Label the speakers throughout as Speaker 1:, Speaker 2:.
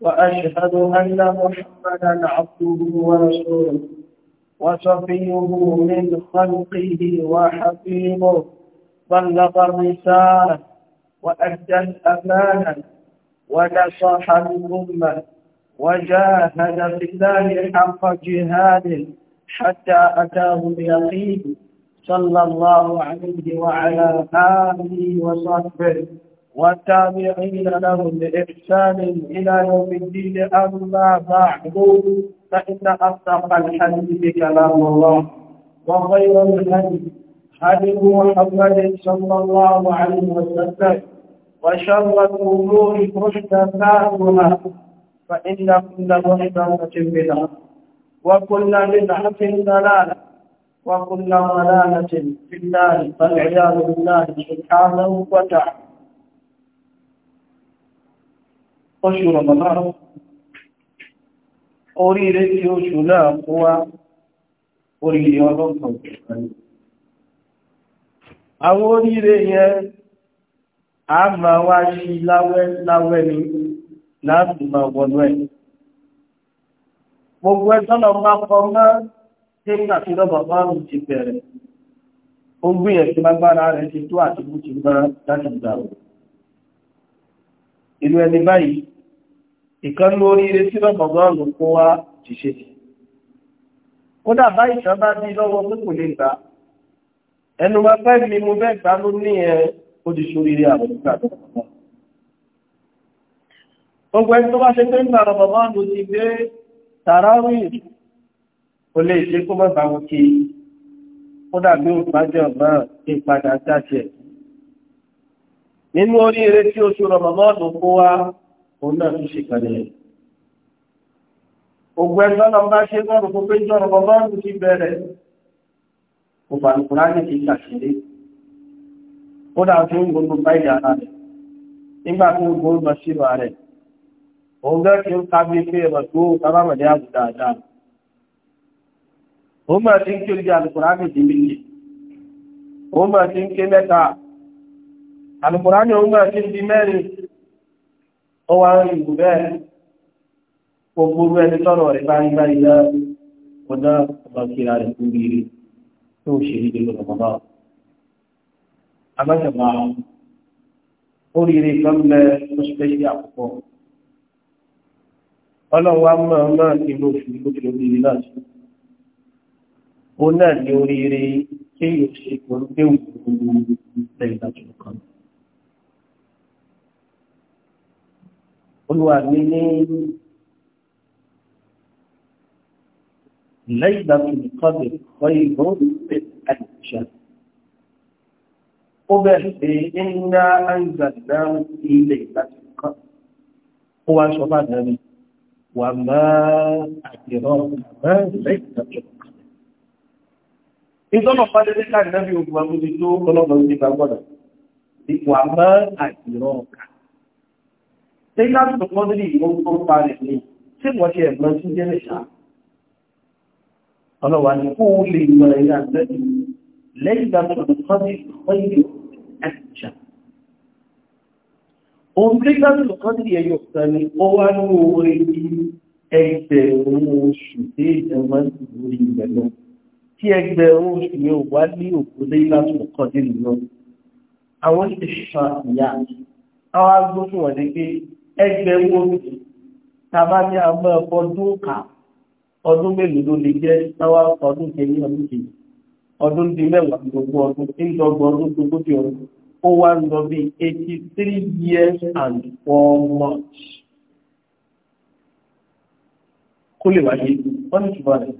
Speaker 1: وأشهد أن محمدا عبده ورسوله وصفيه من خلقه وحبيبه بلغ الرسالة وأدى الأمانة ونصح الأمة وجاهد في الله حق جهاده حتى أتاه اليقين صلى الله عليه وعلى آله وصحبه والتابعين لهم بإحسان إلى يوم الدين أما بعد فإن أصدق الحديث كلام الله وخير الهدي هدي محمد صلى الله عليه وسلم وشر الأمور محدثاتها فإن كل محدثة بدعة وكل بدعة ضلالة وكل ضلالة في النار فالعياذ بالله سبحانه وتعالى oṣù Ramadan oríire tí oṣù náà kó wá oríire ọlọ́pàá àwọn oríire yẹn a máa wá sí láwẹ́ láwẹ́ ni láti máa wọnú ẹ̀ gbogbo ẹ̀tọ́nà máa kọ mọ́ tí ń àti lọ́bọ̀ márùn ti bẹ̀rẹ̀ ó gbìyànjú lágbára rẹ̀ ti tó àti ti mọ́ láti gbà inú ẹni báyìí ìkan lórí ire tí rọ̀mọ̀gọ́rùn kó wá jíṣẹ́ kódà báyìí kan bá bí lọ́wọ́ pé kò lè gbà ẹnu wa fẹ́ mi mo fẹ́ gbà ló ní ẹ ó ti ṣoríire àwọn ìgbà tó kọ̀ gbogbo ẹni tó bá ṣe pé ń gbà rọ̀mọ̀gọ́rùn ti gbé tàràwì kò lè nínú oríire tí oṣù rọmọmọdù kó wá òun náà tún ṣe kàlẹ̀ yẹn ogun ẹgbẹ́ náà bá ṣe lọ́rù kó pé jọ rọmọmọdù ti bẹ̀rẹ̀ kò fàlùkùnrá ní ti kàṣílé ó dà tó ń gbogbo báyìí ara rẹ̀ nígbà tó ń gbogbo bá ṣírò rẹ̀ òun gẹ́ kí ń kábí pé ẹ̀bà tó tábàmọ̀dé àbù dáadáa òun máa ti ń kí orí àlùkùnrá ní ti méjì òun máa ti ń ké mẹ́ta alùkùránì òun náà ti di mẹ́rin ó wá rí ìlú bẹ́ẹ̀ gbogbo orú ẹni tọ́rọ rẹ̀ bá rí báyìí náà kò dá ọba kíra rẹ̀ kú rí rí tó ṣe rí dé lọ́nà bàbá alájọba oríire kan bẹ tó ṣẹ́ṣẹ́ àkọ́kọ́ ọlọ́run wa mọ̀ ọ́n náà fi ló fi oríire náà sí òun náà ní oríire kéèyàn ṣe kò ń déwù olúwa mi ní lẹ́yìn àtúnkọ́dé ọ̀yẹ́ ìgbọ́n pé àìṣà ó bẹ̀rẹ̀ pé iná àìgbàdá ilé ìgbàdúkọ́ ó wá sọ bá dẹ̀rẹ̀ wà máa àdìrọ̀ máa lẹ́yìn àtúnkọ́dé ìtọ́nà pàdé káàdì náà bí ogun agbóhùn tó ọlọ́gbọ̀n ti gbàgbọ́dọ̀ wà máa àdìrọ̀ kàá ṣe láti pọ́dúrí ìgbóngbó parẹ̀ ní tí wọ́n ṣe ẹ̀gbọ́n tí jẹ́ lẹ́ṣà ọlọ́wà ní kó lè mọ̀ ẹ̀yà àgbẹ́jù lẹ́yìn ìgbàtọ̀ lọ́kọ́dí ọ̀yọ̀ ẹ̀ṣà ohun tí gbàtọ̀ lọ́kọ́dí ẹ̀yọ̀ kan ni ó wá ní orí ẹgbẹ̀rún oṣù tí ìjọba àwọn ìṣàkóyà àwọn ní pé ẹgbẹ̀rún òkè tàbá ní àmọ́ ọdún kà ọdún mélòó ló lè jẹ́ náwà ọdún kẹni ọdún kẹni ọdún di mẹ́wàá gbogbo ọdún tí ń dọ́gbọ́ ọdún gbogbo tí ọdún ó wá ń lọ bí eighty three years and four months. kó lè wáyé wọ́n ní ṣùgbọ́n rẹ̀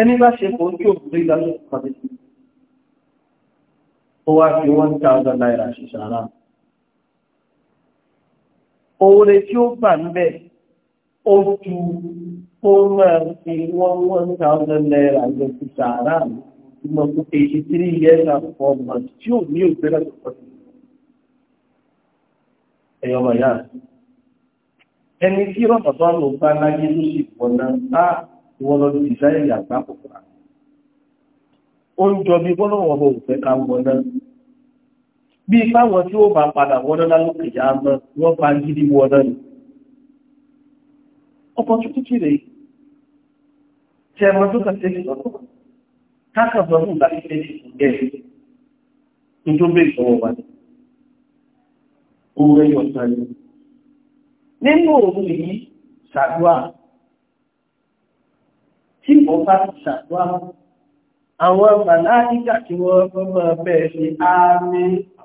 Speaker 1: ẹni bá ṣe kò tí òkú rí lálẹ́ ó wá fi one thousand naira ṣe ṣàrà oore tí ó gbà ń bẹ̀ ó ju kó máa fi one one thousand naira lọ sí sàárà ìmọ̀ tó eighty three years and four months tí ò ní òṣèlú tó pọ̀ sí ẹ̀yọ́ bàyá ẹni tí rọ̀pọ̀tọ́ ló bá láyé ló sì pọ̀ náà bá ìwọ́n lọ sí ìsáyẹ̀ àgbà pọ̀ pọ̀ ó ń jọ bí bọ́lọ̀wọ̀ bọ̀ òfẹ́ ká wọ náà bí ipáwọn tí ó bá padà wọ́nà lálókè yá mọ́ wọ́n bá gidi wọ́nà ni ọkọ̀ tó kíkì rẹ̀ tẹ ẹmọ tó kàtẹ́ ìsọ̀rọ̀ kákàbọ̀ ní ìgbà títẹ́ ìsìnkẹ́ ní tó bẹ́ ìsọ̀rọ̀ ni nínú òun yìí tí wọ́n mọ́ bẹ́ẹ̀ ṣe ààrẹ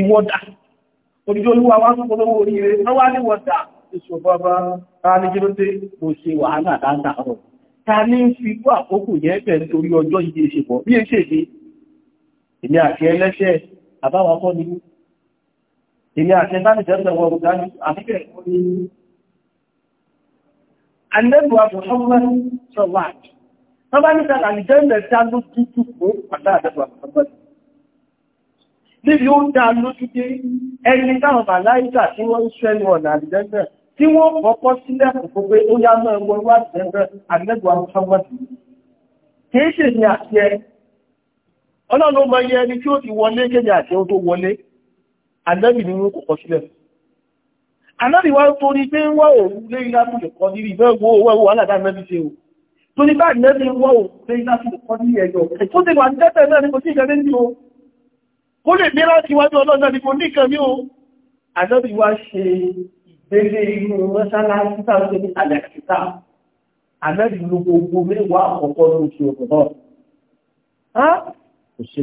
Speaker 1: ìwọ́dà òdìjọ́ olúwa wá tó polówó oríire lọ́wọ́ ní wọ́dà èso bàbá ta ní kí ló dé mo ṣe wàhálà dáadáa rọ̀ ta ní fi kó àkókò yẹn pẹ̀ nítorí ọjọ́ ìdí ìṣèpọ̀ bí e ṣe dé èmi àti ẹlẹ́ṣẹ̀ àbáwọn akọ́ ni èmi àti ẹlẹ́ṣẹ̀ wọn ọ̀gá ní àbíkẹ́ ẹ̀kọ́ ni anẹ́bùwà Muhammad sọ̀wáàdì wọ́n bá ní sàlàyé jẹ́ mẹ́ta ló dúdú fún pàtàkì àdẹ́bùwà Muhammad níbi ó dá lójú pé ẹni táwọn màláìkà tí wọ́n ń ṣẹ́nu ọ̀nà àdìdẹ́gbẹ̀ tí wọ́n kọ́kọ́ sílẹ̀ kòkó pé ó yá mọ́ ẹgbọ́n wá àdìdẹ́gbẹ̀ àdìdẹ́gbẹ̀ àmúṣọ́gbọ́dì kìí ṣe ní àṣẹ ọlọ́run mọ iye ẹni tí ó ti wọlé kéde àṣẹ ó tó wọlé àdìdẹ́gbẹ̀ ni wọ́n kọ́kọ́ sílẹ̀ Ànábì wá torí pé ń wá òun o. Torí bá ìlẹ́bí wá òun lé ìlàpùlù kan nírí ẹjọ́. ń tẹ́tẹ̀ náà ní kò sí ìjẹ́ kó lè bí láti wájú ọlọ́dọ́ ni mo níkan ní o àjọ́bí wá ṣe ìgbélé inú mọ́ṣáláṣí tàbí ní alẹ́kìtà àmẹ́bí ló gbogbo mẹ́wàá àkọ́kọ́ lóṣù ọ̀pọ̀ náà kò sí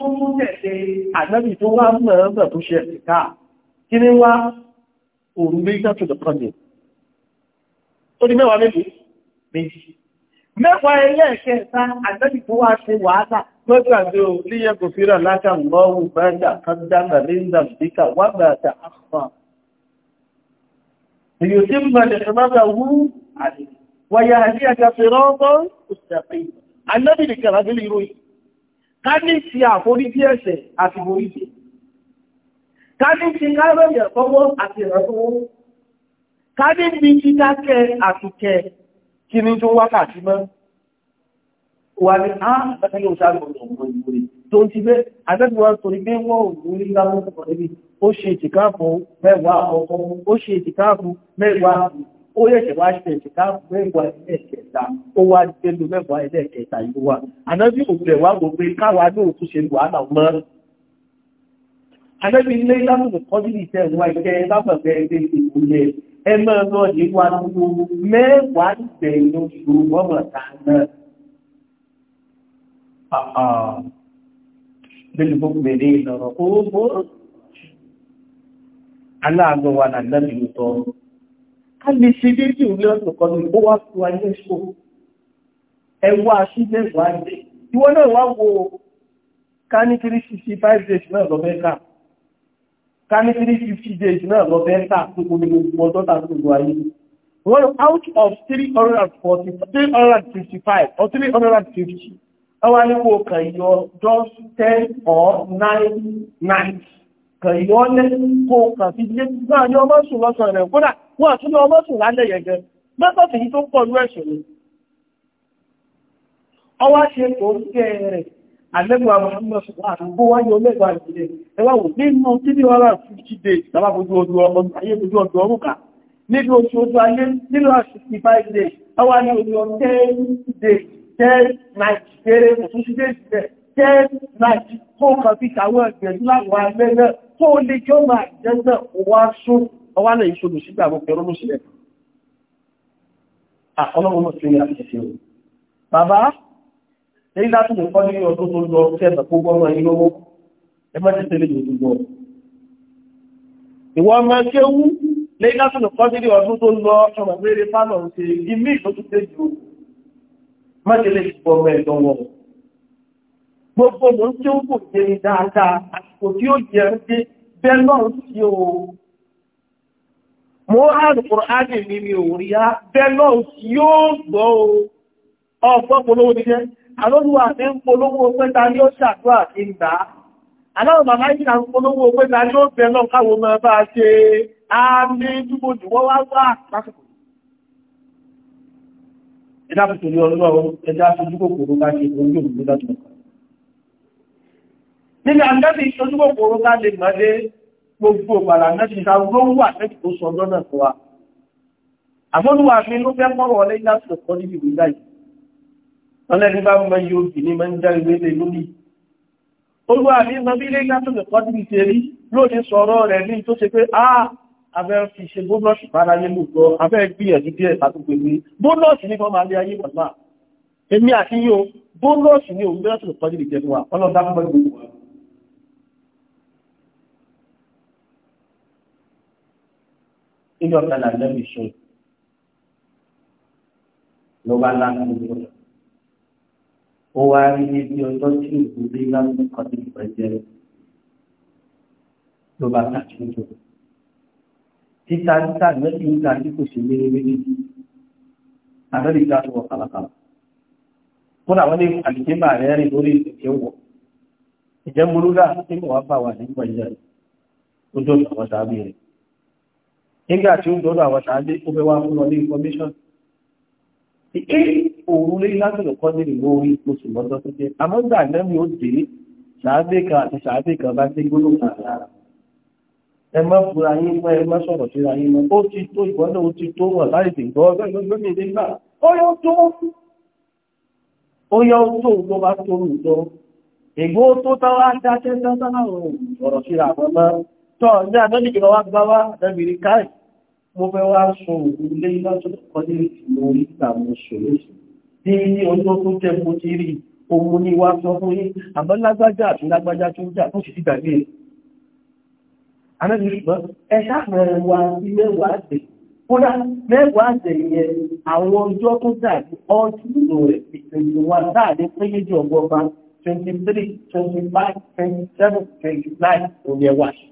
Speaker 1: tó mú tẹ̀lé àjọ́bí ó di mẹ́wàá méjì méjì Mẹ́wàá ẹlẹ́ ẹ̀kẹta àtẹ́bì tó wá ṣe wàhálà lọ́jọ́ àti olíyẹ kò fíra látà lọ́wọ́ bẹ́ẹ̀dà kọjáàmà lẹ́ndà bíkà wà bàtà àfà. Èyí tí mẹ́lẹ̀ ṣọ́bàbà wú wáyà àti àjàfẹ́rọ́ ọgbọ́n òṣìṣẹ́ Àlẹ́bì ní kàràbílì ìròyìn. Ká ní ti kí ní tó wákàtí mọ́ wà ní ààbẹ̀kẹ́ yóò ọ̀pọ̀ ìwòrè tó ti bẹ́ àbẹ́bíwá torí pé wọ́n ò ní lábọ́kọ̀ níbi ó ṣe ìtìkáàfù mẹ́wàá ọkọ̀ ó ṣe ìtìkáàfù mẹ́wàá ó yẹ̀ṣẹ̀ wá ṣe ìtìkáàfù mẹ́wàá ẹlẹ́ẹ̀kẹta ẹmọ́ lọ ní wa tó mẹ́wàá ìgbẹ̀yìn oṣù mọ́mọ̀ta náà. Bẹ́ẹ̀ni bó gbèrè ìlọ̀rọ̀ owó aláàgbọ̀ wa nà lẹ́bí lótọ́. A lè ṣe dédé òní ọ̀sán ní ó wá tó ayé ṣò. Ẹwà sí mẹ́wàá dé. Ìwọ náà wá wo ká ní 365 days náà lọ ká ní 350 days náà lọ bẹ́ẹ̀ tà tó kó ní gbogbo ọjọ́ tà gbogbo ayé wọ́n out of 340 355 or 350 ọwá ní kò kàn yọ just 10 or 9 nights kàn yọ lẹ́ kó kàn fi lé náà ní ọmọ sùn lọ́sàn rẹ̀ kódà wọ́n àtúnú ọmọ sùn lálẹ́ yẹ̀gẹ́ mẹ́tọ̀fì yìí tó pọ̀ lú ẹ̀ṣẹ̀ rẹ̀ ọwá ṣe tó ń kẹ́ rẹ̀ àlẹ́gbà àgbó wáyé olẹ́gbà ìdílé ẹwà wò nínú tí ní wọ́n rà fún jíde ìjọba ojú ojú ọmọ ayé ojú ojú ọmọ ká nínú oṣù ojú ayé nínú àṣìkí báyìí ẹwà ní ojú ọmọ tẹ́ẹ̀dẹ̀ tẹ́ẹ̀nàìjíríẹ̀ òtún sí déjìdẹ̀ tẹ́ẹ̀nàìjí tó kàn fi kàwọn ẹgbẹ̀rún láwọn alẹ́lẹ́ tó lè jọ máa jẹ́gbẹ̀ wá sún ọwá lè ṣolù sígbà gbogbo ọmọ sílẹ̀ ní láti lè kọ́ nínú ọdún tó lọ sí ẹ̀sà kó gbọ́mọ yín lówó ẹ má ti tẹ́lẹ̀ yóò dùgbọ́. ìwọ ọmọ kéwú ní láti lè kọ́ nínú ọdún tó lọ ọmọ péré fánà ṣe ìmí ìtọ́jú tẹ́jú o má ti lè gbọ́ ọmọ ẹ̀dọ́ wọn. gbogbo mò ń kéwú kò jẹ ní dáadáa àsìkò tí ó jẹ ń dé bẹ́ẹ̀ náà sí o. mo hàn Kùránì mi mi ò rí á bẹ́ẹ̀ náà yóò gbọ́ o ọgbọ́n polówó ni jẹ́ alóluwà fẹ́ ń polówó pẹ́ta ní ó ṣàdúrà kí ń gbà aláwọ̀ bàbá ìṣà ń polówó pẹ́ta ní ó bẹ̀ lọ káwọ mọ́ bá ṣe àmì dúgbò jù wọ́n wá wá lásìkò ẹjá fi tòlú ọlọ́wọ́ ẹjá fi dúgbò kòrò bá ṣe orí òmìnir látọ̀ nílẹ̀ àndẹ́bì ìṣojúgbò kòrò ká lè mọ́lé gbogbo bàrà mẹ́sì ọlẹ́ni bá mọ iye òbí ní máa ń já ìwé lè lórí olúwa ní mọ bí ilé látò lè pọ́dún ti rí lóde sọ̀rọ̀ rẹ̀ ní tó ṣe pé ah abẹ́ fi ṣe bónọ́ọ̀sì para yé lóòtọ́ abẹ́ gbìyànjú díẹ̀ àtúgbè pé bónọ́ọ̀sì ní fọ́n máa lé ayé pọ̀lá èmi àti yíò bónọ́ọ̀sì ní òun látò lè pọ́dún ìjẹ́ fún wa ọlọ́dá fún gbogbo wa ilé ọ̀kan làlẹ́ mi ṣe ló bá láti gbogbo ó wá rí níbi ọjọ́ tí òkú dé lásìkò kan ní ìpẹ́jẹ́ ló bá ṣàtúntò títa títa lẹ́sìn níta tí kò ṣe lérè méjì àbẹ́lẹ̀ ìjà tó wọ kàlàkàlà kódà wọ́n ní àdìsẹ́mbà rẹ̀ rìn lórí ìṣẹ̀kẹ́ wọ̀ ìjẹ́ múlúgà tí mo wá bá wà ní ìpẹ́jẹ́ ó dọ̀dọ̀ àwọn sàábì rẹ̀ nígbà tí ó dọ̀dọ̀ àwọn sàábì ó fẹ́ wá fún ọ ní information ti é òru lé lásìkò kọ́ nílùú lórí oṣù lọ́jọ́ tó jẹ́ àmọ́ lẹ́mí ó dé ṣàábé àti ṣàábé bá dé gbólóhùn àlá ẹ má fura yín mọ́ ẹ má sọ̀rọ̀ yín mọ́ ó ti tó náà ó ti tó wọ̀ láì sì gbọ́ ó yọ tó ó yọ tó tó bá tó rù tó tó dáṣẹ́ mo fẹ́ wá sun òun lé lọ́jọ́ kan ní ìlú ìgbà mo ṣòro sí ní ní ọjọ́ tó jẹ́ mo ti rí ohun ní wá sọ fún yí àmọ́ lágbájá àti lágbájá tó jà tó sì dàgbé anájú ṣùgbọ́n ẹ ṣàfihàn wa sí mẹ́wàá àgbẹ̀ kódà mẹ́wàá àgbẹ̀ yẹn àwọn ọjọ́ tó jà ní ọ́ọ̀tù rẹ̀ ìpèsè wa láàrin péjèèjì ọgbọ́n 23 25 27 29 òun yẹn wáṣẹ́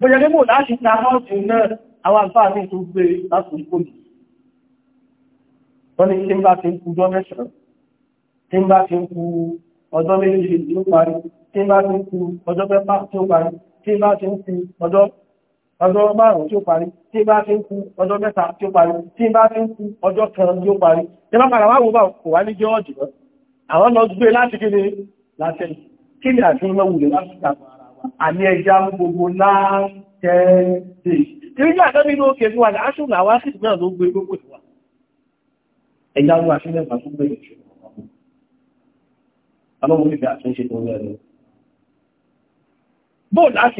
Speaker 1: bóyẹ lébò láti ta ọ́ọ̀tì náà àwọn àfáà ní tó gbé láti ìkòlù wọ́n ni tí ti ń kú ọjọ́ mẹ́sàn-án ti ń kú ọjọ́ méjì tí ó parí tí ti ń kú ọjọ́ pẹ́pá tí ó parí tí ti ń kú ọjọ́ ọjọ́ márùn tí ó parí tí ti ń kú ọjọ́ mẹ́ta tí ó parí tí ti ń kú ọjọ́ kan tí ó parí tí bá padà wáwọ́ bá kò wá ní jọ́ọ̀jì àwọn lọ gbé láti kí ni láti kí ni àti mẹ́wùlẹ̀ láti kàpá àní ẹja mú gbogbo láńtẹ́ẹ̀dẹ̀ ìrìnjẹ́ àtẹ́bí ló kè ní wà láti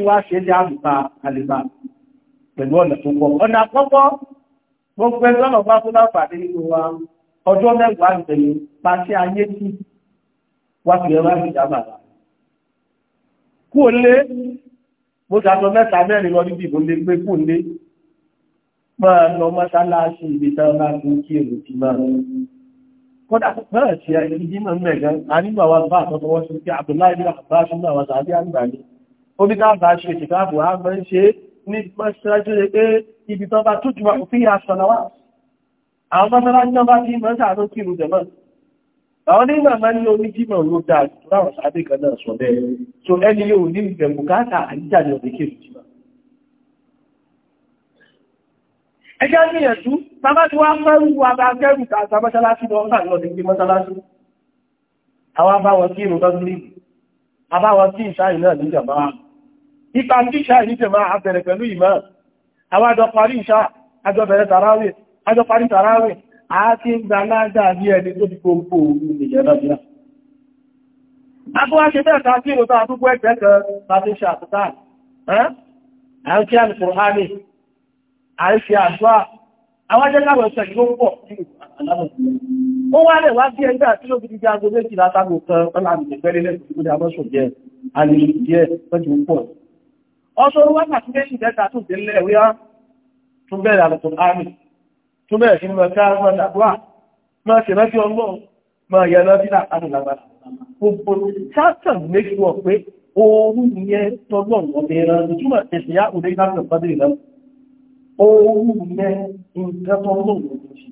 Speaker 1: wá ṣe jẹ́ àbùkà àlèbà pẹ̀lú ọ̀nà tó pọ̀ ọ̀nà àkọ́kọ́ gbogbo ẹgbẹ́ ọ̀nà bá tó láǹfààní nínú wa ọjọ́ mẹ́wàá ìgbẹ̀yìn pàṣẹ ayé tí wá fi ẹ̀rọ àbìjà kú ò lé mo ṣàtọ mẹ́ta mẹ́rin lọ níbi ìbò lé pé kú ò lé máa lọ mọ́sálásí ibi tán bá kú kí èrò ti máa kódà náà ti ẹni mọ̀ mẹ́gan a nígbà wa bá àtọ́tọ́ wọ́n sí pé Abdullahi bin Abbas ibi tán bá tó jùmọ̀ òfin àṣọ náà wà àwọn mọ́sálásí náà bá àwọn nígbà máa ní omi jímọ̀ ló dáa láwọn sábẹ́ kan náà sọ bẹ́ẹ̀ so ẹni yóò ní ìgbẹ̀mù káàkà àjíjà ní ọ̀dẹ́kẹ́ ìjímọ̀ ẹjá gbìyànjú sábàtí wá fẹ́rù abákẹ́rù tààtà mọ́ṣálásí lọ sáàrí ọdún gbé mọ́ṣálásí àwọn abáwọn tí ìrùn lọ́dún lèbù abáwọn tí ìṣáì náà ní jàmá ipa tí ìṣáì ní jàmá abẹ̀rẹ̀ pẹ̀lú ìmọ̀ àwọn àjọparí ìṣá àjọbẹ̀rẹ̀ tàráwẹ̀ àjọparí tàráwẹ̀ a ti ń gba láàdá ní ẹni tó ti kòrò òun ìjẹ́lọ́jẹ́ Agbóhá ṣe bẹ́ẹ̀ ta sí ìrọ̀ta àtúgbò ẹgbẹ́ kan láti ṣe àtútà. À ń kí àlùkùránì, à ń ṣe àdúrà, àwọn jẹ́ káwẹ̀ ṣẹ̀ yóò pọ̀ sí Ó wá lẹ̀ wá sí ẹgbẹ́ àti ló fi di jágo méjì látagbò kan ọlá àmì ìgbẹ́lẹ́ lẹ́sùn tó dá mọ́sùn jẹ́ àlejò díẹ̀ pẹ́jù pọ̀. Ọ̀ṣọ́ wákàtí méjì mẹ́ta tó délẹ̀ wíwá tún bẹ̀rẹ̀ àlùkùránì tó bẹ̀rẹ̀ sí ní mọ̀ káà mọ̀ dàgbà máa ṣe rántí ọlọ́run máa yẹ rántí láàánú lágbára gbogbo sáàtà make sure pé ooru yẹn tọ́gbọ̀n ọ̀bẹ̀ ẹran ìtumọ̀ ẹ̀sìn yá òde ìdájọ́ ìpàdé ìlànà ooru yẹn nǹkan tọ́gbọ̀n ọ̀bẹ̀ ṣe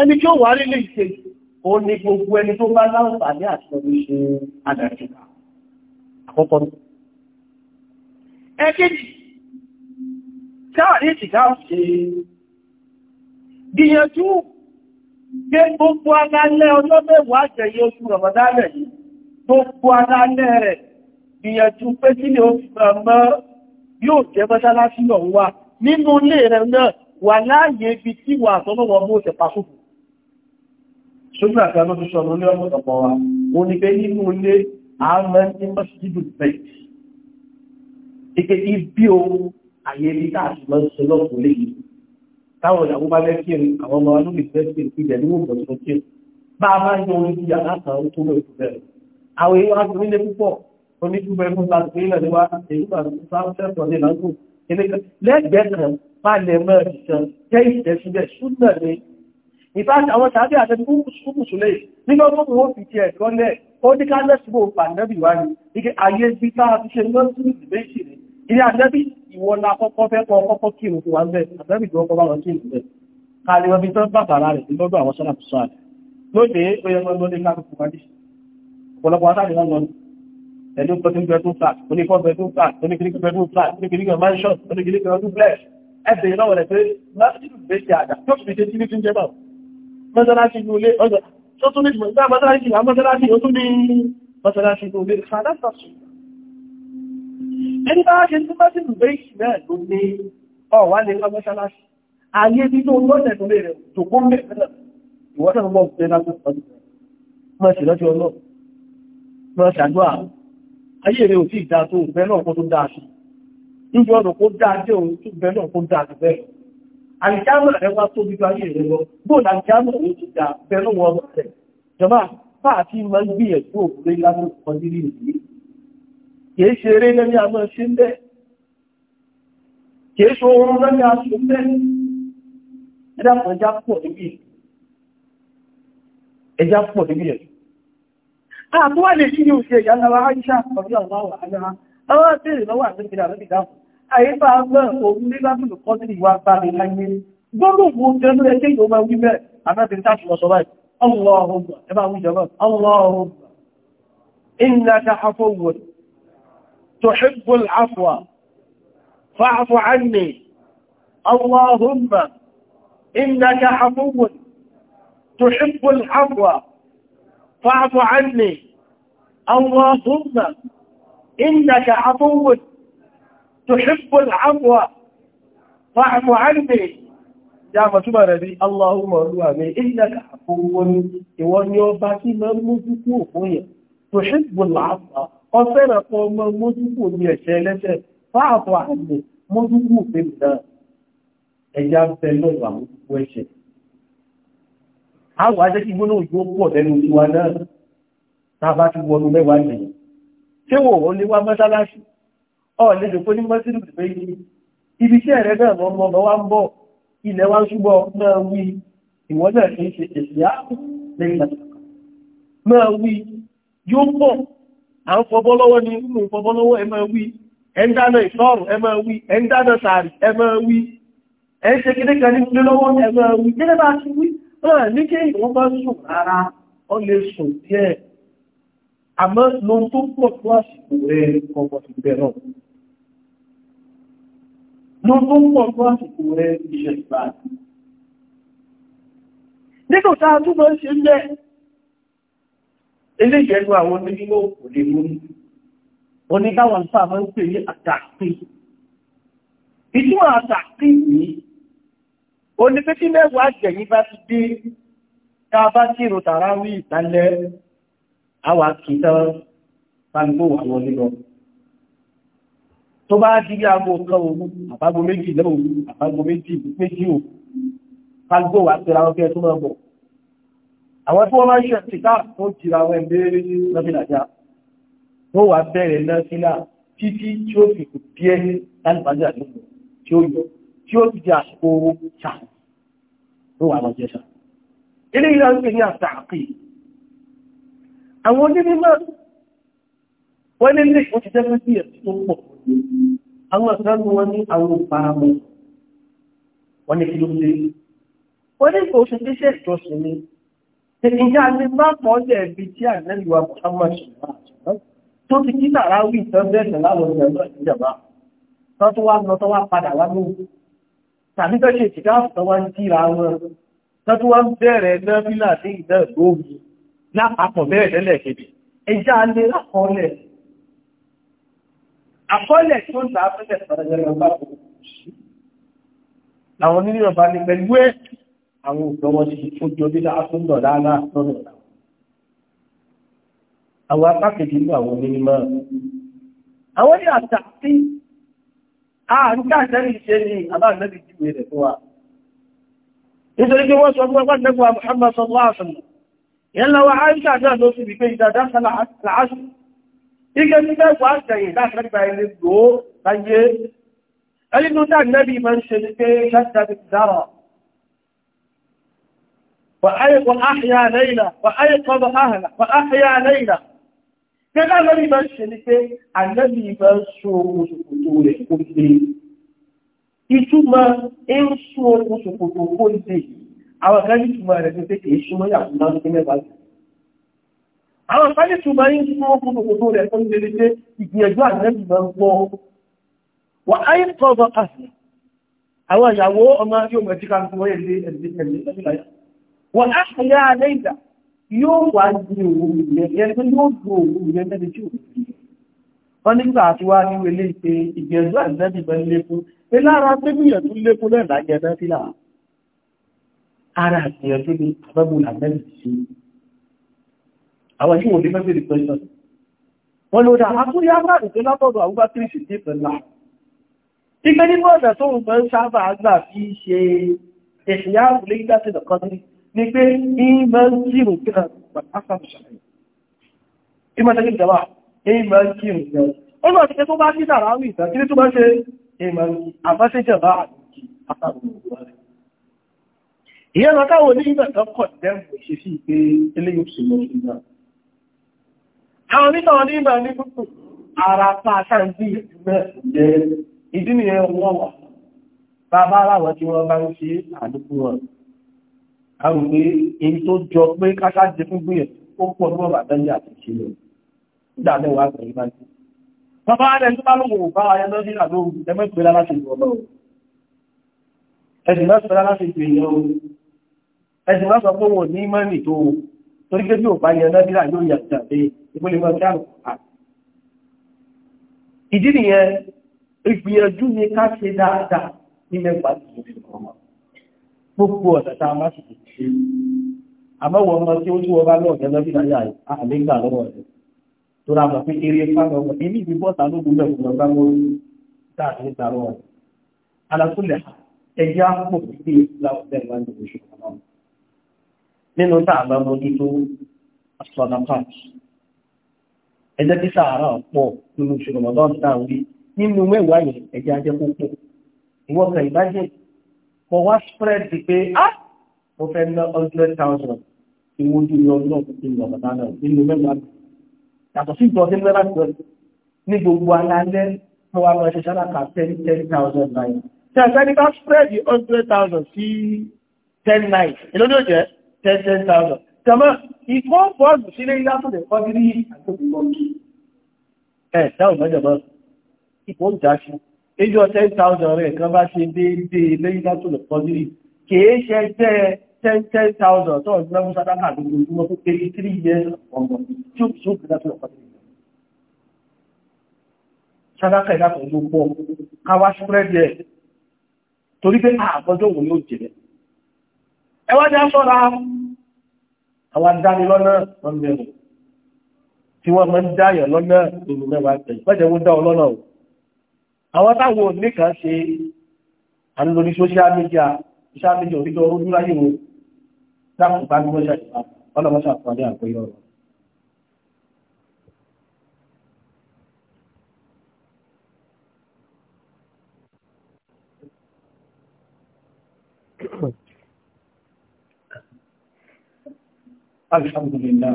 Speaker 1: ẹni tí ó wà rí lè ṣe ó ní gbogbo ẹni tó bá láǹfààní àti ọdún ṣe àdájúkà àkọ́kọ́ ní ẹkẹ́jì táà ní ìtìká ṣe gbìyànjú pé gbogbo alálẹ́ ọjọ́ mẹ́wàá jẹ̀yẹ oṣù rọ̀mọ̀dálẹ̀ yìí gbogbo alálẹ́ rẹ̀ gbìyànjú pé kí ni ó fi mọ́ yóò jẹ́ mọ́sálásí lọ wá nínú ilé rẹ̀ náà wà láàyè ibi tí wà àtọ́lọ́wọ́ mú ṣe pàṣùkù ṣúgbà kan ló sọ lórí ọmọ ọ̀pọ̀ wa ó ní pé nínú ibi ohun àyè ibi mọ́ sí lọ́pùlé yìí táwọn ìyàwó bá fẹ́ kí àwọn ọmọ alóbì fẹ́ kí ìpìlẹ̀ ní òbò tó kí bá a bá yọ orí ìyá látà ó tó lóòtú bẹ̀rẹ̀ àwọn èèyàn wá fún ilé púpọ̀ onídùúgbò ẹkún ta sí ilẹ̀ níwá èyí bá sá sẹ́tọ̀ ní lágbo lẹ́gbẹ̀ẹ́ kan palẹ̀ mọ́ ìṣàn jẹ́ ìṣẹ̀síbẹ̀ ṣúgbọ̀n ni ìfà àwọn tàbí àtẹ́bí kúkùsù lè nígbà tó kò wọ́n fi ti ẹ̀kọ́ lẹ̀ ó ní ká lẹ́sùgbò pàdánù ìwádìí ike ayé bí ká fi ṣe lọ́sùn ìbéṣì rẹ̀ ilé àtẹ́bí ìwọ la kọ́kọ́ fẹ́ kọ́ kọ́kọ́ kí ìrùn fún wa ń bẹ̀ àtẹ́bí tó kọ́ bá wọn sí ìrùn bẹ̀ káàlì wọn fi tán bàbàrà rẹ̀ sí lọ́dọ̀ àwọn sọ́nà fùsọ́ rẹ̀ lóde ó yẹ kọ́ lóde káàkùn wájú ọ̀pọ̀lọpọ̀ atáàrí wọn lọ́nà ẹ̀lú pẹ̀tún bedroom flat oníkọ́ bedroom flat oníkìríkì bedroom flat oníkìríkì mansion oníkìríkì ọdún flat ẹ̀bẹ̀ ìlọ́wọ̀ rẹ̀ pé lásìlú méjì àjà tó fi ṣe tílé tí ń jẹba mọ́sálásí ní olé ọjọ́ tó tún ní mọ́sálásí ẹni bá ṣe tó bá sì rù bẹ́ẹ̀ ṣì náà ló ní ọ̀wá ayé bí tó lọ́sẹ̀ tó lè rẹ̀ tó kó tó dáa sí níbi ọ̀nà kó dáa kìí ṣe eré lẹ́ni àmọ́ ṣe ń bẹ́ kìí ṣe oorun lẹ́ni aṣọ ń bẹ́ ẹjá pọ̀ níbi ẹjá pọ̀ níbi lè ṣí ní òṣè ìyá náà aṣá ọ̀rí ọ̀láwà alára àwọn àbẹ̀rẹ̀ lọ́wọ́ àtẹ́kìlá lọ́bì dáhùn àyíká agbẹ́ òun تحب العفو فاعف عني اللهم انك عفو تحب العفو فاعف عني اللهم انك عفو تحب العفو فاعف عني يا متوبة اللهم ارحمني انك عفو وان يوفاكي من مزكوه تحب العفو ọfẹ́rẹ̀ kan ọmọ mójúkù ní ẹ̀ṣẹ̀ ẹlẹ́ṣẹ̀ fáàfọ́ àmì mójúkù pẹ̀lú náà ẹ̀yà pẹ̀lú àmójúkù ẹ̀ṣẹ̀. àwọn ajẹ́ kí gbóná òjò pọ̀ lẹ́nu tiwa náà tàbá ti wọnú mẹ́wàá nìyẹn ṣé ibi iṣẹ́ rẹ̀ náà mọ́ ọmọ wa ń bọ̀ ilẹ̀ wa ń ṣúbọ̀ máa yóò pọ̀ à ń fọbọ́ lọ́wọ́ ni inú ìfọbọ́ lọ́wọ́ ẹ máa wí ẹ ń dáná ìtọ́rù ẹ máa wí ẹ ń dáná sàárì ẹ máa wí ẹ ń ṣe kéde kan nílé lọ́wọ́ ẹ máa wí gẹ́gẹ́ bá ti wí náà ní kí wọ́n bá sùn ara ọ lè sùn díẹ̀ àmọ́ lóhun tó pọ̀ tó àsìkò rẹ̀ kọ̀ọ̀kọ̀ ti bẹ̀ náà lóhun tó pọ̀ tó àsìkò a túbọ̀ ṣe eléyìí ẹnu àwọn onímọ̀ kò lè mú ní oníkáwọn sáà máa ń pè ní àtàkì ìtumọ̀ àtàkì yìí onífẹ́kí mẹ́wàá jẹ̀yìn bá ti dé ká bá kírò tàráwí ìtàlẹ́ àwà kìtà pàgbó àwọn onílọ tó bá di bí aago kan òru àbágo méjì lẹ́wọ̀ àbágo méjì méjì ò pàgbó wà pẹ̀lú àwọn kẹ́ẹ̀ tó máa bọ̀ àwọn tí wọ́n máa yíò tìká ó jìra àwọn ẹgbẹ́ lọ́fílà já ó wà bẹ̀rẹ̀ lọ́fílà títí tí ó fi kù díẹ̀ lálùbájá lóòrùn tí ó yọ tí ó fi jẹ́ àsìkò ṣà ó wà lọ jẹ́ṣà ilé ìlà ń pè ní àtàkì àwọn onílé náà wọ́n lé lè wọ́n ti jẹ́ fẹ́ sí tó pọ̀ àwọn ọ̀sán wọn ní Ìjá ní bá pọ̀ jẹ́ ibi tí àìlẹ́lúwà Muhammad tó ti kí tàrà wí ìtọ́bẹ̀ẹ̀sẹ̀ láwọn ìjọba ìjọba tó tó wá lọ tó wá padà wá ní tàbí tó ṣe ìtìká tó wá ń tíra wọn tó tó wá ń bẹ̀rẹ̀ lọ́bílà sí ìdá ìgbóògì lápapọ̀ ní lákọọ́lẹ̀. Àkọọ́lẹ̀ àwọn òpinwọ́n ti tó jọ dídá àtúndọ̀ dáadáa lọ́dọ̀ àwọn apákejì ní àwọn onímọ̀ àwọn ní àtàkì àrùkà àtẹ́rì ṣe ní àbáàlẹ́bì jíwé rẹ̀ fún wa nítorí pé wọ́n sọ fún ọgbọ́n lẹ́gbọ́ Muhammad sallallahu alaihi wasallam yẹn lọ́wọ́ Aisha náà ló sì wípé ìdàdá sálà àṣù ike ní mẹ́wàá àjẹyìn látàrígbà ilé gbòó láyé ẹni tó dá nẹ́bí máa ń وأحيا ليلة وأيقظ أهله وأحيا ليلة Gẹ́gẹ́ lórí bá ṣe ní pé àlẹ́bì bá ṣo oṣùkòtò rẹ̀ kó dé. Ìtumọ̀ ń ṣo oṣùkòtò kó dé. Àwọn ọ̀gá ìtumọ̀ rẹ̀ tó tẹ́kẹ̀ẹ́ ṣúmọ́ yàtọ̀ máa ń kí mẹ́bàá. Àwọn ọ̀gá ìtumọ̀ ń ṣo oṣùkòtò rẹ̀ kó dé lé ìgbìyànjú àlẹ́bì bá ń gbọ́. Wà áyé kọ́ bọ́ kàfẹ́. Àwọn ìyàwó ọmọ yóò mọ̀ wọ́n áṣàyà aláìdá yóò wá di òun ìyẹn tó yóò du òun ìyẹn tẹ́lẹ̀ tí òun wọ́n nígbà tí wá ní ilé ìpe ìgbẹ̀rú àìsẹ́bì bẹ́ lékún pé lára pé bí ìyẹn tó lékún náà láyé ẹ̀dá sílà ara ìyẹn tó ní abẹ́bù làbẹ́bì sí àwọn ìṣòwò ní mẹ́bì rí pẹ́sọ̀ wọ́n ló dá akúyá máàrù tó látọ̀dọ̀ àwúgbá 360 pẹ̀lá ìgbẹ́ nínú ọ̀dà tó ń bẹ́ sábà gbà fi ṣe ìṣìyà àbúlé ìgbà sí ìdọ̀kọ́dé ni pé ìmọ̀ kírùn kíra pàtàkì ṣàlẹ̀ ìmọ̀ tẹ́kì ìjọba ìmọ̀ kírùn kíra ó lọ sí tó bá ní sàráwì ìtàkiri tó bá ṣe ìmọ̀ àbáṣẹ́jọba àti àtàkùn ìyẹn lọ káwọn ní ìgbà tó kọ̀ dẹ́mù ṣe sí pé ilé yóò ṣe lọ sí náà àwọn onítàwọn ní ìgbà ní gbogbo ara pa sáàbí àrùn pé èyí tó jọ pé káṣá jẹ fún gbé ó pọ̀ ní ọ̀rọ̀ àtẹ́jẹ́ àti ṣe lọ nígbà mẹ́wàá àgbà yìí báyìí bàbá rẹ̀ tó bá lóòwò bá ayé lọ́dún àdó ẹgbẹ́ ìpínlẹ̀ láti ìlú ọlọ́run ẹ̀sìn náà sọ láti ìlú èèyàn ẹ̀sìn náà sọ pé wọn ní mẹ́rin tó torí pé bí ò bá yẹ lọ́dún àdó yàtọ̀ àti ìpínlẹ̀ gbogbo ọ̀sẹ̀ tá a má sì ṣe àmọ́wọ̀ ọmọ tí ó tí wọ́n bá lọ́ọ̀kẹ́ lọ́bí láyà àlégbà lọ́wọ́ rẹ̀ tó ra mọ̀ pé eré fáwọn ọmọ èmi ìbí bọ́ta ló gbúgbẹ̀ fún ọgbà mọ́ dáàbí níta lọ́wọ́ rẹ̀ alákùnlẹ̀ ẹ̀yà pò pípé láwùjẹ́ ìwà ní oṣù kan nínú tá a bá mójútó astronaut ẹjẹ́ kí sàárà pọ̀ nínú oṣù Ramadan For wá spread di pé á ah, mo fẹ́ ná hundred thousand kí wọ́n dúró ọdún náà kí n lọ bàtà náà nínú mẹ́wàá yàtọ̀ sí ìjọ sí mẹ́wàá tó ní gbogbo alálẹ́ mo wá lọ ṣe sálàkà ten ten thousand naira ṣe àtẹ́ni ká spread di hundred thousand sí ten nine èló ni ó jẹ́ ten ten thousand tẹ̀mọ́ ikọ́ bọ́ọ̀lù sílé ìlàtọ̀lẹ̀ kọ́ bí rí àtòkùnkọ́ ẹ̀ dáhùn mẹ́jọ bọ́ọ̀lù ikọ́ ìjà sí ìjọ 10,000 rẹ̀ kan bá ṣe déédé lẹ́yìn látòlù pọ́sílì kìí ṣe jẹ́ 10,000 tó ọ̀dún lẹ́mú sádákà gbogbo ìgbìmọ̀ tó pé 3 years ọmọ tí ó kì í ṣe látòlù pọ́sílì sádákà ìdàpọ̀ ló pọ̀ káwá spread ẹ̀ torí pé àbọ́jọ́ òun yóò jẹ́ ẹwájá sọ́ra àwọn adánilọ́nà lọ́nà tí wọ́n mọ́ ń dáyẹ̀ lọ́nà ìlú mẹ́wàá tẹ̀yìn mọ́jẹ̀ wọ́n dá àwọn táwọn oníkan ṣe àlórí social media social media orílẹ̀ orú láyé wọn dákùn bá gbọ́ ṣàtìpá ọlọ́mọ́sà pàdé àgbẹ̀yọ̀ rọ̀ الحمد لله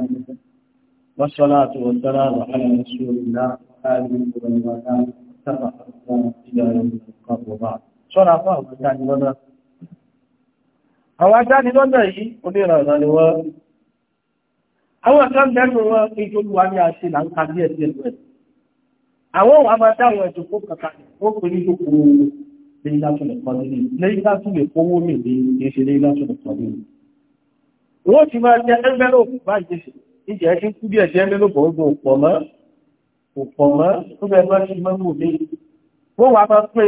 Speaker 1: والصلاة والسلام على رسول الله وآله ومن والاه sábà fún ìyá ìrìnkan bọ̀bá ṣọ́ra fún àwọn ajánilọ́nà àwọn ajánilọ́nà yìí ó lè ràn ràn lọ́wọ́ àwọn kan lẹ́nu wọn ètò olúwa ní àṣẹ là ń ka bí ẹ̀sẹ̀ ẹ̀sẹ̀ àwọn òun a máa dáwọn ẹ̀sùn kó kàkà ó pè ní gbogbo lẹ́yìn látúlẹ̀ kọ́ nílé lẹ́yìn látúlẹ̀ kówó mi ní ìṣe lẹ́yìn látúlẹ̀ kọ́ nílé wọ́n ti máa jẹ ẹgbẹ́lópù bá ìjẹsẹ̀ ìjẹ́ ẹ̀sìn kú bí ẹ̀sẹ̀ ẹgbẹ́lópù ó gbọ́ pọ̀ mọ́ òpọ̀ tó bẹ́ẹ̀ bá ṣe mọ́mú mi wọ́n wá máa pé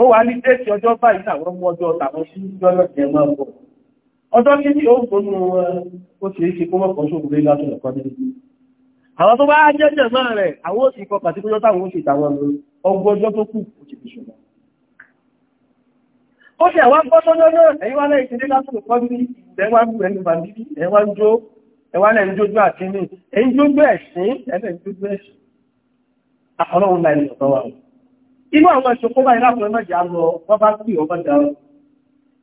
Speaker 1: ó wá ní déètì ọjọ́ báyìí làwọn mú ọjọ́ tàwọn sí lọ́jọ́ jẹ máa bọ̀ ọjọ́ kí ni ó gbónú ó ṣe ṣe kó mọ̀kàn sóòrùn lé látọ̀ lọ́kọ́ ní àwọn tó bá jẹ́jẹ̀ náà rẹ̀ àwọn òsì kan pàtí kójọ́ táwọn òsì táwọn lọ ọgbọ́n ọjọ́ tó kù kò ti fi ṣùgbọ́n ó ṣe àwọn gbọ́sọ́jọ́ náà ẹ̀yìn wá lẹ́yìn ti dé látọ̀ lọ́kọ́ ní ìdẹ́wà ẹwà lẹ́ ń jójú àkíní ẹ̀yìn jójú ẹ̀sìn ẹ̀lẹ́ ń jójú ẹ̀sìn àkọlọ́run láì lọ́tọ́ wa inú àwọn ẹ̀ṣọ́ kó bá ìlàpọ̀ ẹmọ́jà lọ wọ́n bá pè ọmọ jà lọ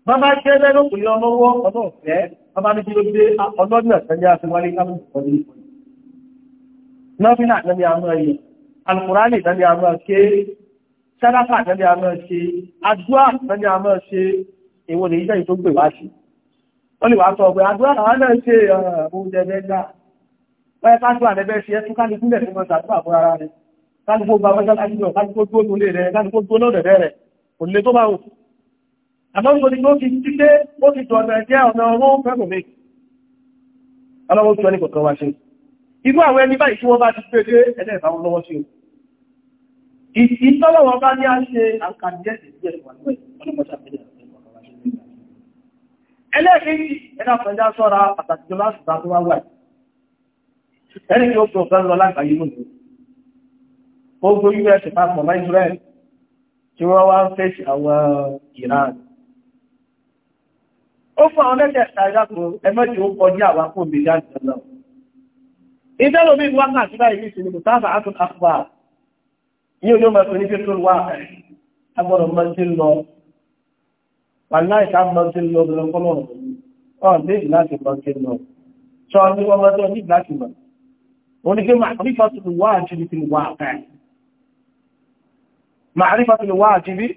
Speaker 1: wọ́n bá jẹ́ lẹ́nu kò yọ lọ́wọ́ ọ̀nà ọ̀fẹ́ wọ́n bá ní kí ló dé ọlọ́dún ẹ̀sẹ̀lẹ́ àfiwálé káàkiri ọdún ìpọ̀ wọ́n lè wá sọ ọ̀gbẹ̀ àdúrà náà náà ṣe ọ̀rọ̀-ún-jẹ̀bẹ̀ ńlá wọ́n yẹ káàkiri àdẹ́bẹ̀ ṣe ẹ́ tún káàkiri fúnlẹ̀ fún ọjà àdúrà fún ara rẹ̀ káàkiri gba mọ́sálásí lọ káàkiri tó tó lè rẹ̀ káàkiri tó lọ́dẹ̀ rẹ̀ kò lè tó bá wò àmọ́ nígbà tí ó ti títí ó ti tọ̀ ọ̀nà ẹ̀jẹ̀ ọ̀nà ọ̀rún fẹ́ràn mi ọlọ́wọ́ tí wọ́n ní kọ̀ọ̀kan wá ṣe irú àwọn ẹni báyìí tí wọ́n bá ti pé dé ẹ̀dẹ̀ ìbáwọn lọ́wọ́ sí o ìtọ́lọ́wọ́ bá ní a ṣe àǹkàndíẹ̀sì díẹ̀ wà ní ọ̀nà mọ́sàmílẹ̀ ẹlẹ́ẹ̀kejì ẹ̀nà àpẹjá sọ́ra àtàtìjọ láti bá tó wá wà ẹni tí ó tó fẹ́ lọ lágbàáyé lóòrùn gbogbo us papọ̀ mọ́ israel tí wọ́n wá ń fèsì àwọn iran ó fún àwọn mẹ́tẹ̀ ṣàìdàkùn ẹmẹ́jì ó kọjá àwọn akóbi jáde lọ ìdẹ́lómi wákàtí báyìí ní kò sáfà àtúnkà fún ní olóòmọ̀ aláìka mọ́ sí lọ ọ̀dọ̀lọ́pọ̀lọ́ ọ̀n lè láti mọ́ sí lọ ṣọ́ ní wọ́n mọ́ sí láti mọ́ onígbé màrífàtìlú wà àjíbí tí wà àkàí màrífàtìlú wà àjíbí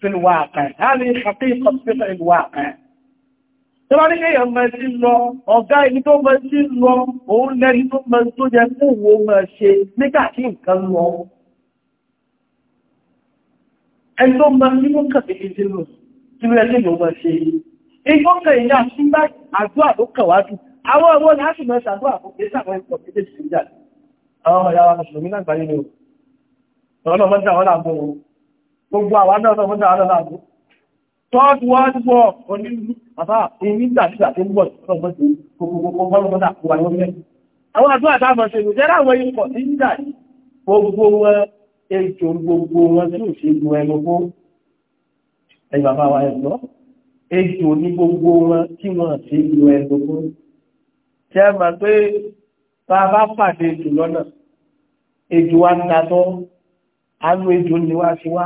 Speaker 1: tí wà àkàí á lè ṣàkí ìkọ̀pẹ́sẹ̀ ìwà àkàí tó bá ní èèyàn mọ́ sí lọ ọ̀gá ẹni tó mọ́ sí lọ òun lẹ́ni tó mọ́ tó jẹ fún wo mọ́ ṣe nígbà tí nǹkan lọ ẹni tó mọ́ sí mú kàtẹ́kẹ́ sí tí ó ẹgbẹ́ ìjọba ṣe ìgbọ́nkẹ̀ ìyá ṣúgbà àdúrà tó kàwájú àwọn ọmọ ni a sì mọ́ ṣàdúrà fún ìgbésàwọn ìpọ̀ ìdíjì ìjà àwọn ọmọ ìyáwà mùsùlùmí lágbàáyé ni ọ̀nà mọ́ta wọ́n láàbọ̀ gbogbo àwọn náà mọ́ta wọ́n láàbọ̀ tọ́ọ̀tù wá ti bọ̀ ọ̀nà àbá èyí gbàtígbà tó ń bọ̀ ọ̀pọ̀ sí gbogbo ọmọdé àwọn ọmọdé àwọn àdúrà táàmọ̀ ṣe lò jẹ́rà àwọn ikọ̀ tí ń jà gbogbo wọn ejò gbogbo wọn tí ò ṣe gbogbo ẹnu fún ẹ̀yìn bàbá wa ẹ̀ gbọ́ ejò ní gbogbo wọn tí wọ́n ti lu ẹ̀dógún tí a máa pé bàbá pàdé ejò lọ́nà ejò wa ń datọ́ àánú ejò ni wá sí wá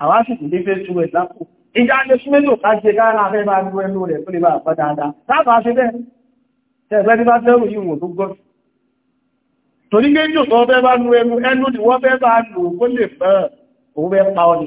Speaker 1: àwọn àṣìkò ní fẹ́ tu ẹ̀ lápò ìjà ni súnmẹ́lò ká ṣe kára fẹ́ máa lu ẹnu rẹ̀ fún ìbá àpá dáadáa lábàá ṣe bẹ́ẹ̀ tẹ̀sẹ̀ ní bá tẹ́rù yìí wò tó gbọ́ torí méjì tó fẹ́ bá lu ẹnu ẹnu ni wọ́n fẹ́ bá lò ó lè fẹ́ òun fẹ́ pa ọ́ ni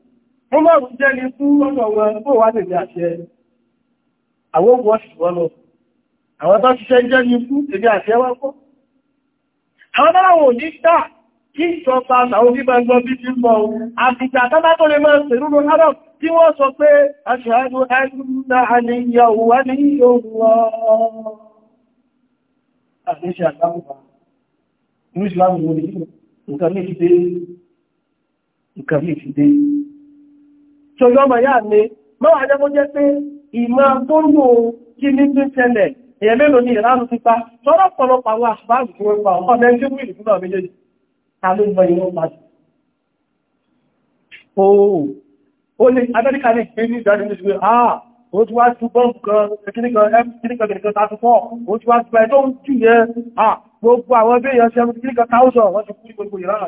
Speaker 1: Mọ́mọ́rù jẹ́ ní fún ọjọ́ wọn tó wà lè ní àṣẹ. Àwọn ògùn ọ̀ṣì wọ́n lọ. Àwọn tó ṣiṣẹ́ jẹ́ ní fún èdè àṣẹ wá kọ́. Àwọn aláwọ̀ ní dá kí ìjọba àwọn onígbà gbọ́ bí ti mọ̀ àbìjà tọ́lá tó lè máa ń pẹ̀lú lọ́rọ̀ tí wọ́n sọ pé aṣàánú ẹgbùnà àníyàwó wà ní ìyòwò àdíṣẹ́ àgbàmùbà. Inú ìsìlámù wọ́n ni nǹkan ní ìfìdé ṣòyọ́ ma yá ní mọ́wàá jẹ́ kó jẹ́ pé ìmọ̀ tó ń lò kí ní tí ń ṣẹlẹ̀ èyẹ mélòó ní ìlànà ti pa lọ́rọ̀ pọ̀lọpọ̀ àwọn àṣìbáàbù tí wọ́n pa ọ̀pọ̀ mẹ́rin tí ó wílì fún àwọn méjèèjì ta ló ń bọ ìwọ́n pa jù ó lè amẹ́ríkà ní ìpé ní ìdájọ́ ní ṣùgbọ́n àà ah, ó ti wá tú bọ́ǹkù kan kìníkan kìníkan kìníkan tàbí fọ́ ó ti wá tú ẹ̀ tó ń jù yẹ à gbogbo àwọn ẹgbẹ́ èèyàn ṣe kìníkan táúsàn wọ́n ti kú ní gbogbo ìlànà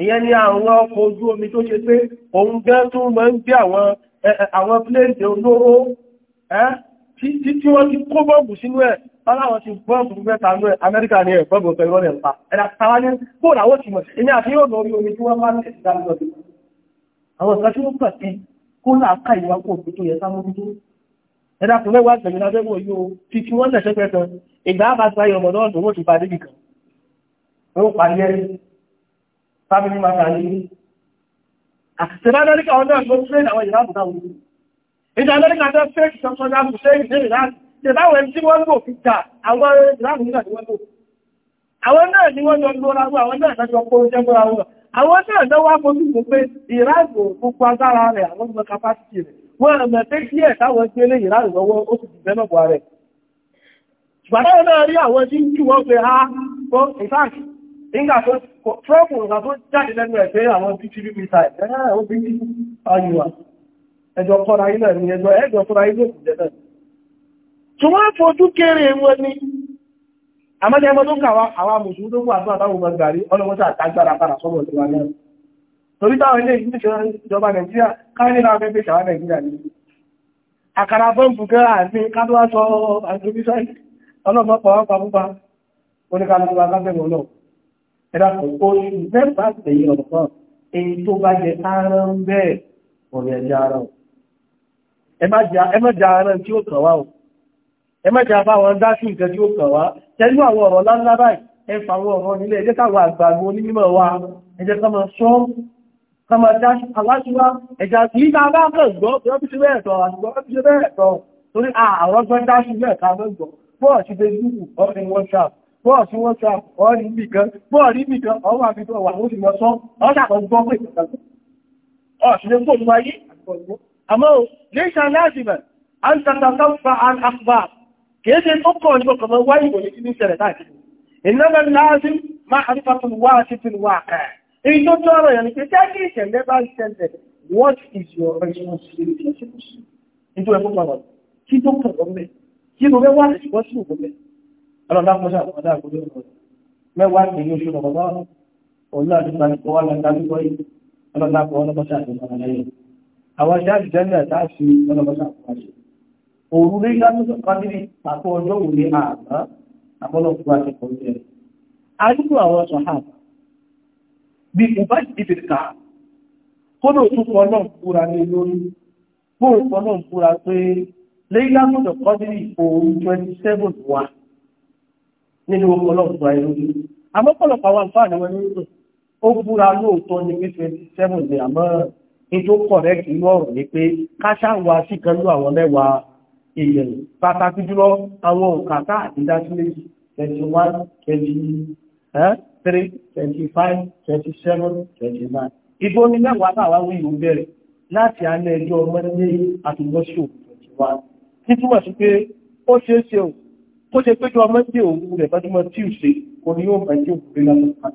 Speaker 1: ìyẹn ni àwọn ọkọ̀ ojú omi tó ṣe pé òun gẹ́ tó mọ́ ń gbé àwọn pléǹtì olóró tí wọ́n ti kó bọ́ọ̀bù sínú ẹ̀ aláwọ̀ ti bọ́ọ̀bù mẹ́ta ní Amẹ́ríkà ní ẹ̀ bọ́ọ̀bù pẹ̀lú ọ̀rẹ̀ pa ẹ̀dà tàwà ní kóòrà ó ti mọ̀ sí ní àti yóò lórí omi tí wọ́n bá ní ìdánilọ́dún àwọn ìgbà tí ó pẹ̀ sí kó láàká ìwà kò tó yẹ sámójútó ẹ̀dà kò mẹ́wàá tẹ̀mí lábẹ́wò yóò fi kí wọ́n lẹ̀ṣẹ́ pẹ́ kan ìgbà bá sáyọ̀ mọ̀ náà lòun ò ti parí nìkan ó parí ẹ̀rí family matter ní àtìsẹ̀dánẹ́ríkà ọ̀nà ẹ̀kọ́ trade àwọn ìrábùdá wọn ìdánẹ́ríkà jẹ́ tí wọ́n lò fi jà àwọn ìrábùdá ni wọ́n lò àwọn náà àwọn náà àwọn náà jọ wá fojú mú pé ìrábù wọ́n ẹ̀ táwọn gbé ó sì rẹ̀ ṣùgbọ́n náà nígbà tó trọ́pù nǹkan tó jáde lẹ́nu ẹ̀ pé àwọn ptv missile ẹ̀rẹ́ ó bí ayùwà ẹjọ́ kọ́ra ilẹ̀ ní ẹjọ́ ẹjọ́ kọ́ra ilẹ̀ ìjẹ̀lẹ̀ tí wọ́n fojú kéré wọn ni àmọ́jẹ́ ẹmọ tó kàwà àwọn mùsùlùmí tó wà fún àtàwọn ọmọgbàrí ọlọ́mọ́sà àtàgbàrà padà sọ́mọ̀ ìwà náà torí táwọn ilé ìjọba nàìjíríà káàkiri náà fẹ́ pèsè àwọn nàìjíríà ní àkàrà bọ́ǹbù kẹ́rà ní kádọ́wà sọ àjòbíṣẹ́ ọlọ́mọ́pàá pàpúpa oníkàlùkù agbẹ́gbẹ̀rún náà ẹ̀dàkùn oṣù mẹ́fà tẹ̀yìn ọ̀kan èyí tó bá jẹ ara ń bẹ́ẹ̀ ọ̀rẹ́ ẹ̀jẹ̀ ara ọ̀ ẹmẹ́jà tí ó bá bá kàn gbọ́ bí ó fi ṣe bẹ́ẹ̀ tọ̀ àṣùgbọ́ ó fi ṣe bẹ́ẹ̀ tọ̀ torí àwọn ọgbọ́n dá sí bẹ́ẹ̀ ká mọ́ gbọ́ fún ọ̀ṣìdẹ́ bọ́ọ̀ sí wọ́n sá ọ̀rí nìkan bọ́ọ̀ rí nìkan ọwọ́ àfi wà ó sì lọ sọ ọ́sàkọ̀ gbọ́ pé ìpàdé ọ̀ṣìlẹ̀ ń gbòòrùn ayé àmọ́ lẹ́ṣà láàzìmẹ̀ an tàtàtà fa an kìí ṣe tó kọ̀ ní ọkọ̀ wáyé ìwòye tí ní ṣẹlẹ̀ táàkiri ìnáwó láàzìm má àrífàtún wá sí fi wà kàá èyí tó tọrọ yẹn ni pé jẹ́ kí ìṣẹ̀lẹ̀ bá ṣẹlẹ̀ what is your responsibility nítorí ẹ̀kọ́ pàdánù kí tó kọ̀ ọlọ́dà kọ́ṣà ọ̀dà àgbọ̀dọ̀ mẹ́wàá kì í oṣù rọ̀bọ̀bọ̀ ọ̀là àdúgbò àti ọwọ́ àlàkà àdúgbò yìí ọlọ́dà kọ́ ọlọ́kọ́ṣà àdúgbò àlàyé àwọn ṣe àjẹ́lẹ̀ láti ọlọ́kọ́ṣà àkọ́ṣe òru rí lásìkò kan níbi pàtó ọjọ́ òní àná àbọ́lọ́kù àti kọ̀ọ̀ṣe àdúgbò àwọn sọ̀hà bí kò bá ìdìbò ká kódò tún fọ́ náà fúra ní lórí bóòrùn fọ́ náà fúra pé lẹ́yìn lásìkò kan níbi òru 27 wà nínú ọ̀pọ̀lọpọ̀ àìlórí àmọ́pọ̀lọpọ̀ àwọn àǹfààní wọn nínú ó búra lóòótọ́ ní pé 27 ní àmọ́ ètò correct inú ọ̀rọ̀ ní pé káṣáwà sí kan ló àwọn mẹ́wàá èèyàn pàtàkì jùlọ àwọn òkàtà àtìdásí méjì 21 23 25 27 29 ìbò ní mẹ́wàá tàwa wí ìlú bẹ̀rẹ̀ láti alẹ́ ẹjọ́ mọ́lẹ́ àtìgbọ́sí òkú 21 títúmọ̀ sí pé ó ṣeé ṣe òkú tó ṣe péjọ ọmọ tí òun rẹ̀ bá túnmọ̀ tí ò ṣe kò ní yóò bá tí ò rí lásìkò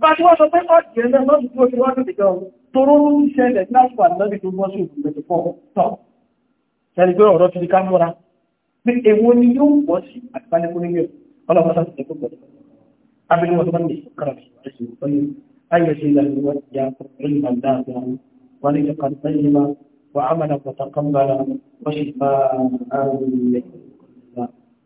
Speaker 1: bá tí wọ́n sọ pé ọ̀dì ẹ̀lẹ́ lọ́sùn tó ṣe wájú ìjọ toró ń ṣẹlẹ̀ láti wà lọ́bì tó wọ́n sí òkùnkùn fọ́ tọ́ ṣẹlẹ̀ pé ọ̀rọ̀ ti di ká múra pé èwo ni yóò wọ́ sí àtìbálẹ́kún nílẹ̀ ọlọ́pàá sáà ti tẹ́kọ̀ọ́ abin wasu wanda ya kara su a cikin kwallo ayyace da ruwa ya kuma ilman da wani ya kan tsaye وعمل متقبلا وشفاء من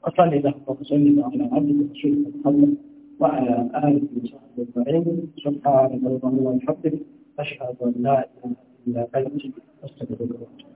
Speaker 1: وصل اللهم وسلم على عبدك ورسولك محمد وعلى اله وصحبه اجمعين سبحانك الله وبحمدك اشهد ان لا اله الا انت استغفرك واتوب